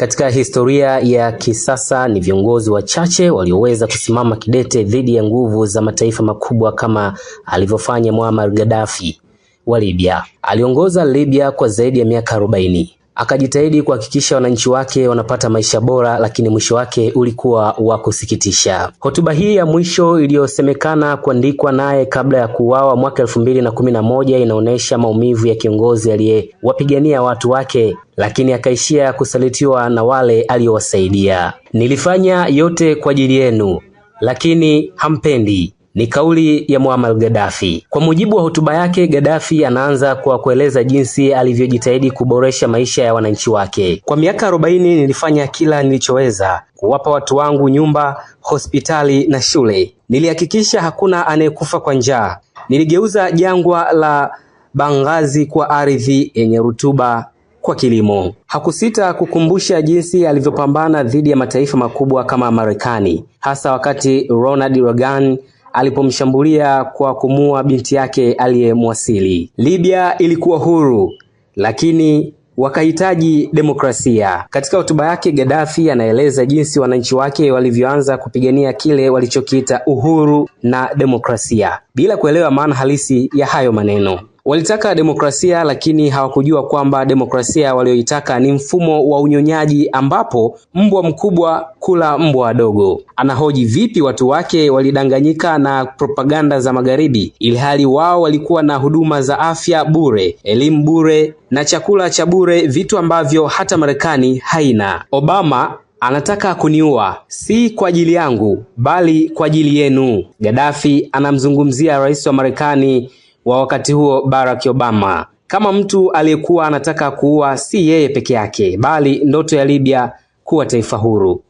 Katika historia ya kisasa ni viongozi wachache walioweza kusimama kidete dhidi ya nguvu za mataifa makubwa kama alivyofanya Muammar Gaddafi wa Libya. Aliongoza Libya kwa zaidi ya miaka arobaini. Akajitahidi kuhakikisha wananchi wake wanapata maisha bora, lakini mwisho wake ulikuwa wa kusikitisha. Hotuba hii ya mwisho iliyosemekana kuandikwa naye kabla ya kuuawa mwaka elfu mbili na kumi na moja inaonyesha maumivu ya kiongozi aliyewapigania watu wake, lakini akaishia kusalitiwa na wale aliyowasaidia. Nilifanya yote kwa ajili yenu, lakini hampendi. Ni kauli ya Muammar Gaddafi. Kwa mujibu wa hotuba yake, Gaddafi anaanza kwa kueleza jinsi alivyojitahidi kuboresha maisha ya wananchi wake. Kwa miaka 40 nilifanya kila nilichoweza kuwapa watu wangu nyumba, hospitali na shule. Nilihakikisha hakuna anayekufa kwa njaa. Niligeuza jangwa la Bangazi kwa ardhi yenye rutuba kwa kilimo. Hakusita kukumbusha jinsi alivyopambana dhidi ya mataifa makubwa kama Marekani, hasa wakati Ronald Reagan alipomshambulia kwa kumua binti yake aliyemwasili. Libya ilikuwa huru lakini wakahitaji demokrasia. Katika hotuba yake, Gaddafi anaeleza jinsi wananchi wake walivyoanza kupigania kile walichokiita uhuru na demokrasia bila kuelewa maana halisi ya hayo maneno. Walitaka demokrasia lakini hawakujua kwamba demokrasia walioitaka ni mfumo wa unyonyaji ambapo mbwa mkubwa kula mbwa wadogo. Anahoji vipi watu wake walidanganyika na propaganda za magharibi ilhali wao walikuwa na huduma za afya bure, elimu bure na chakula cha bure, vitu ambavyo hata Marekani haina. Obama anataka kuniua si kwa ajili yangu bali kwa ajili yenu. Gaddafi anamzungumzia rais wa Marekani wa wakati huo Barack Obama kama mtu aliyekuwa anataka kuua si yeye peke yake, bali ndoto ya Libya kuwa taifa huru.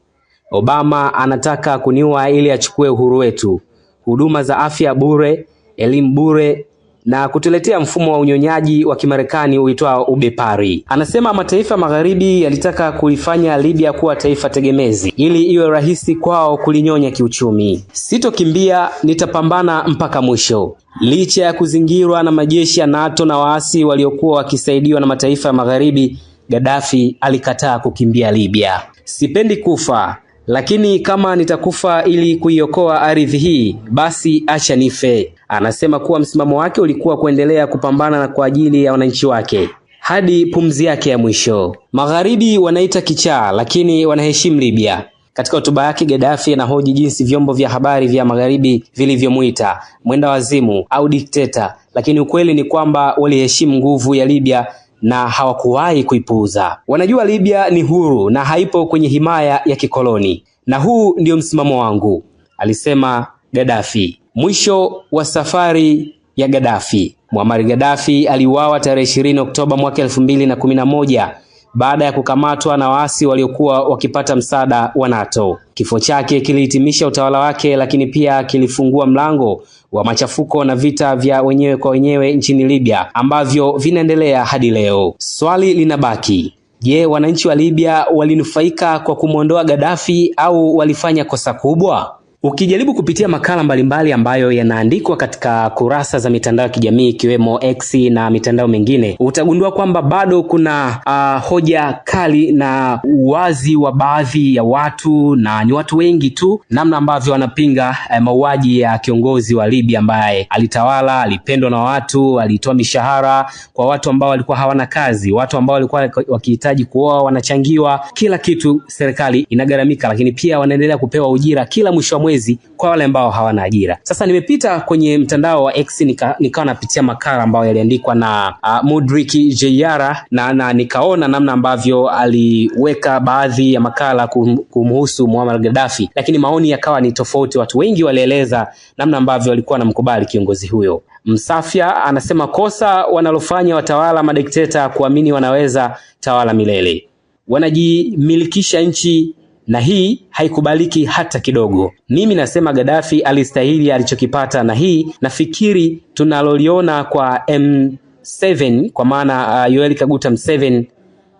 Obama anataka kuniua ili achukue uhuru wetu, huduma za afya bure, elimu bure, na kutuletea mfumo wa unyonyaji wa Kimarekani uitwao ubepari. Anasema mataifa magharibi yalitaka kulifanya Libya kuwa taifa tegemezi ili iwe rahisi kwao kulinyonya kiuchumi. Sitokimbia, nitapambana mpaka mwisho. Licha ya kuzingirwa na majeshi ya NATO na waasi waliokuwa wakisaidiwa na mataifa ya magharibi, Gaddafi alikataa kukimbia Libya. Sipendi kufa lakini kama nitakufa ili kuiokoa ardhi hii, basi acha nife. Anasema kuwa msimamo wake ulikuwa kuendelea kupambana na kwa ajili ya wananchi wake hadi pumzi yake ya mwisho. Magharibi wanaita kichaa, lakini wanaheshimu Libya. Katika hotuba yake Gaddafi anahoji jinsi vyombo vya habari vya magharibi vilivyomuita mwenda wazimu au dikteta, lakini ukweli ni kwamba waliheshimu nguvu ya Libya na hawakuwahi kuipuuza. Wanajua Libya ni huru na haipo kwenye himaya ya kikoloni, na huu ndio msimamo wangu, alisema Gaddafi. Mwisho wa safari ya Gaddafi. Muammar Gaddafi aliuawa tarehe 20 Oktoba mwaka 2011 baada ya kukamatwa na waasi waliokuwa wakipata msaada wa NATO. Kifo chake kilihitimisha utawala wake, lakini pia kilifungua mlango wa machafuko na vita vya wenyewe kwa wenyewe nchini Libya ambavyo vinaendelea hadi leo. Swali linabaki, je, wananchi wa Libya walinufaika kwa kumwondoa Gaddafi au walifanya kosa kubwa? Ukijaribu kupitia makala mbalimbali ambayo yanaandikwa katika kurasa za mitandao ya kijamii ikiwemo X na mitandao mingine, utagundua kwamba bado kuna uh, hoja kali na uwazi wa baadhi ya watu, na ni watu wengi tu, namna ambavyo wanapinga eh, mauaji ya kiongozi wa Libya ambaye alitawala, alipendwa na watu, alitoa mishahara kwa watu ambao walikuwa hawana kazi, watu ambao walikuwa wakihitaji kuoa wanachangiwa, kila kitu serikali inagharamika, lakini pia wanaendelea kupewa ujira kila mwisho wa mwezi kwa wale ambao hawana ajira. Sasa nimepita kwenye mtandao wa X nikawa napitia makala ambayo yaliandikwa na uh, Mudrik Jeyara na, na nikaona namna ambavyo aliweka baadhi ya makala kum, kumhusu Muammar Gaddafi, lakini maoni yakawa ni tofauti. Watu wengi walieleza namna ambavyo walikuwa wanamkubali kiongozi huyo. Msafya anasema kosa wanalofanya watawala madikteta kuamini wanaweza tawala milele, wanajimilikisha nchi na hii haikubaliki hata kidogo. Mimi nasema Gaddafi alistahili alichokipata, na hii nafikiri tunaloliona kwa M7 kwa maana uh, Yoweri Kaguta M7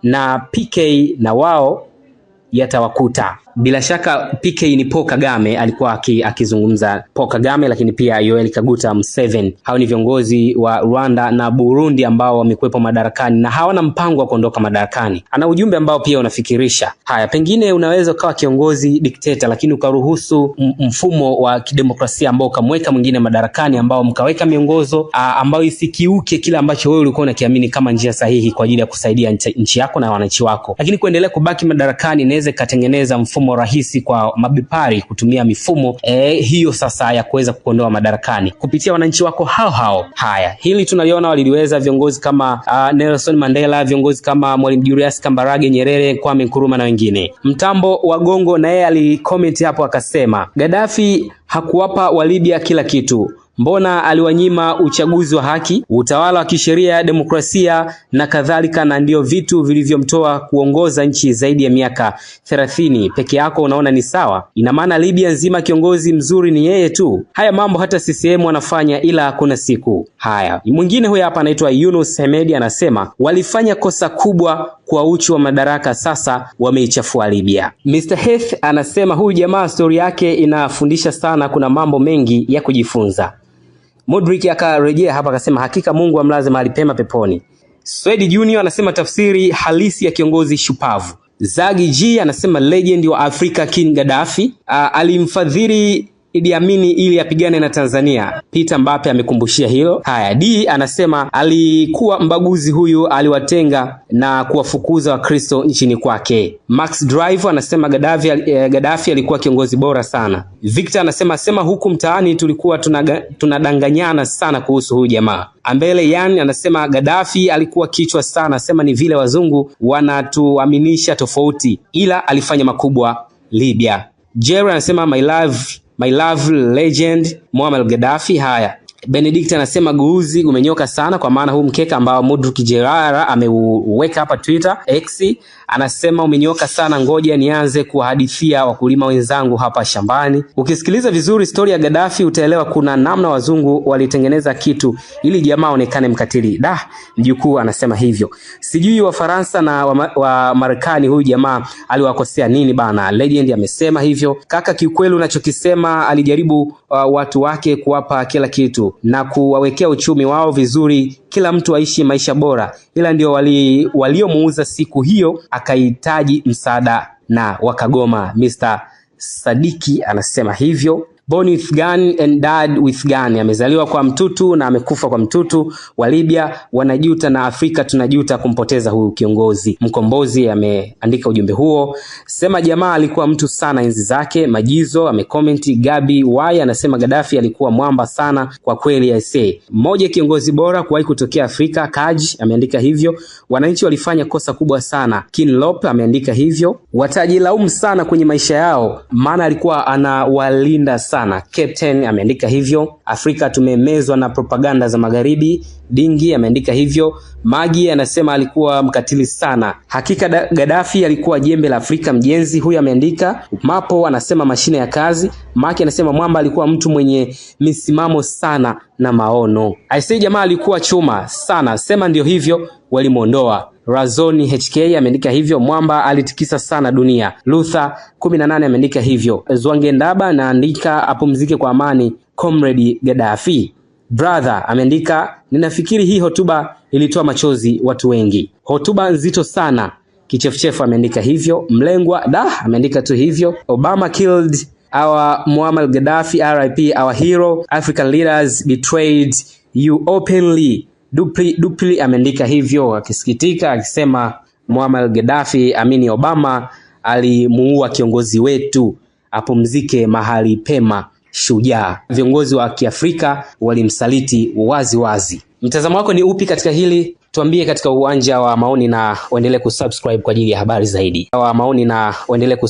na PK na wao yatawakuta bila shaka PK ni Paul Kagame alikuwa akizungumza Paul Kagame, lakini pia Yoweri Kaguta Museveni. Hao ni viongozi wa Rwanda na Burundi ambao wamekuwepo madarakani na hawana mpango wa kuondoka madarakani. Ana ujumbe ambao pia unafikirisha haya, pengine unaweza ukawa kiongozi dikteta, lakini ukaruhusu mfumo wa kidemokrasia ambao ukamweka mwingine madarakani, ambao mkaweka miongozo ambayo isikiuke kile ambacho wewe ulikuwa unakiamini kama njia sahihi kwa ajili ya kusaidia nchi yako na wananchi wako, lakini kuendelea kubaki madarakani inaweza ikatengeneza mfumo mfumo rahisi kwa mabipari kutumia mifumo eh, hiyo sasa ya kuweza kukondoa madarakani kupitia wananchi wako hao hao. Haya, hili tunaliona waliliweza viongozi kama uh, Nelson Mandela, viongozi kama Mwalimu Julius Kambarage Nyerere, Kwame Nkrumah na wengine. Mtambo wa Gongo na yeye alikomenti hapo akasema, Gaddafi hakuwapa Walibya kila kitu Mbona aliwanyima uchaguzi wa haki, utawala wa kisheria, demokrasia na kadhalika, na ndio vitu vilivyomtoa kuongoza nchi zaidi ya miaka thelathini peke yako? Unaona ni sawa? Ina maana Libya nzima kiongozi mzuri ni yeye tu? Haya mambo hata CCM wanafanya, ila kuna siku haya. Mwingine huyo hapa anaitwa Yunus Hemedi anasema walifanya kosa kubwa kwa uchu wa madaraka, sasa wameichafua Libya. Mr Heath anasema huyu jamaa stori yake inafundisha sana, kuna mambo mengi ya kujifunza. Modric akarejea hapa akasema hakika Mungu amlaze mahali pema peponi. Swedi Junior anasema tafsiri halisi ya kiongozi shupavu. Zagi G anasema legend wa Afrika King Gaddafi. alimfadhili Idi Amini ili apigane na Tanzania. Peter Mbappe amekumbushia hilo. Haya, D anasema alikuwa mbaguzi huyu, aliwatenga na kuwafukuza Wakristo nchini kwake. Max Drive anasema Gaddafi, eh, Gaddafi alikuwa kiongozi bora sana. Victor anasema sema huku mtaani tulikuwa tunadanganyana tuna sana kuhusu huyu jamaa. Ambele Yan anasema Gaddafi alikuwa kichwa sana, sema ni vile wazungu wanatuaminisha tofauti, ila alifanya makubwa Libya. Jerry anasema my love My love legend Muammar Gaddafi. Haya, Benedict anasema guuzi umenyoka sana kwa maana huu mkeka ambao Modric Jerara ameuweka hapa Twitter X, anasema umenyoka sana, ngoja nianze kuwahadithia wakulima wenzangu hapa shambani. Ukisikiliza vizuri stori ya Gaddafi utaelewa kuna namna wazungu walitengeneza kitu ili jamaa aonekane mkatili. Da, mjukuu anasema hivyo. Sijui Wafaransa na wa wa huyu jamaa aliwakosea nini bana. Legend amesema hivyo. Kaka, kiukweli unachokisema alijaribu uh, watu wake kuwapa kila kitu na kuwawekea uchumi wao vizuri, kila mtu aishi maisha bora, ila ndio wali, waliomuuza siku hiyo akahitaji msaada na wakagoma. Mr. Sadiki anasema hivyo born with gun and dad with gun, amezaliwa kwa mtutu na amekufa kwa mtutu. wa libya wanajuta na Afrika tunajuta kumpoteza huyu kiongozi mkombozi. Ameandika ujumbe huo, sema jamaa alikuwa mtu sana enzi zake. Majizo amecomment. Gabi Wai anasema gadafi alikuwa mwamba sana kwa kweli, aisee, mmoja kiongozi bora kuwahi kutokea Afrika. Kaji ameandika hivyo. Wananchi walifanya kosa kubwa sana. Kinlop ameandika hivyo, watajilaumu sana kwenye maisha yao, maana alikuwa anawalinda sana sana. Captain ameandika hivyo. Afrika tumemezwa na propaganda za magharibi. Dingi ameandika hivyo. Magi anasema alikuwa mkatili sana. Hakika Gaddafi alikuwa jembe la Afrika mjenzi, huyu ameandika. Mapo anasema mashine ya kazi. Maki anasema Mwamba alikuwa mtu mwenye misimamo sana na maono. Aisee, jamaa alikuwa chuma sana, sema ndio hivyo walimwondoa. Razoni HK ameandika hivyo. Mwamba alitikisa sana dunia. Luther 18 ameandika hivyo. Zwangendaba naandika apumzike kwa amani Comrade Gaddafi. Brother ameandika ninafikiri hii hotuba ilitoa machozi watu wengi, hotuba nzito sana. Kichefuchefu ameandika hivyo. Mlengwa da ameandika tu hivyo. Obama killed Our Muammar Gaddafi, RIP, our hero, African leaders betrayed you openly. Dupli, Dupli ameandika hivyo akisikitika akisema Muammar Gaddafi, amini Obama alimuua kiongozi wetu, apumzike mahali pema shujaa. Viongozi wa Kiafrika walimsaliti wazi wazi. Mtazamo wako ni upi katika hili? Tuambie katika uwanja wa maoni na uendelee kusubscribe kwa ajili ya habari zaidi. Wa maoni na uendelee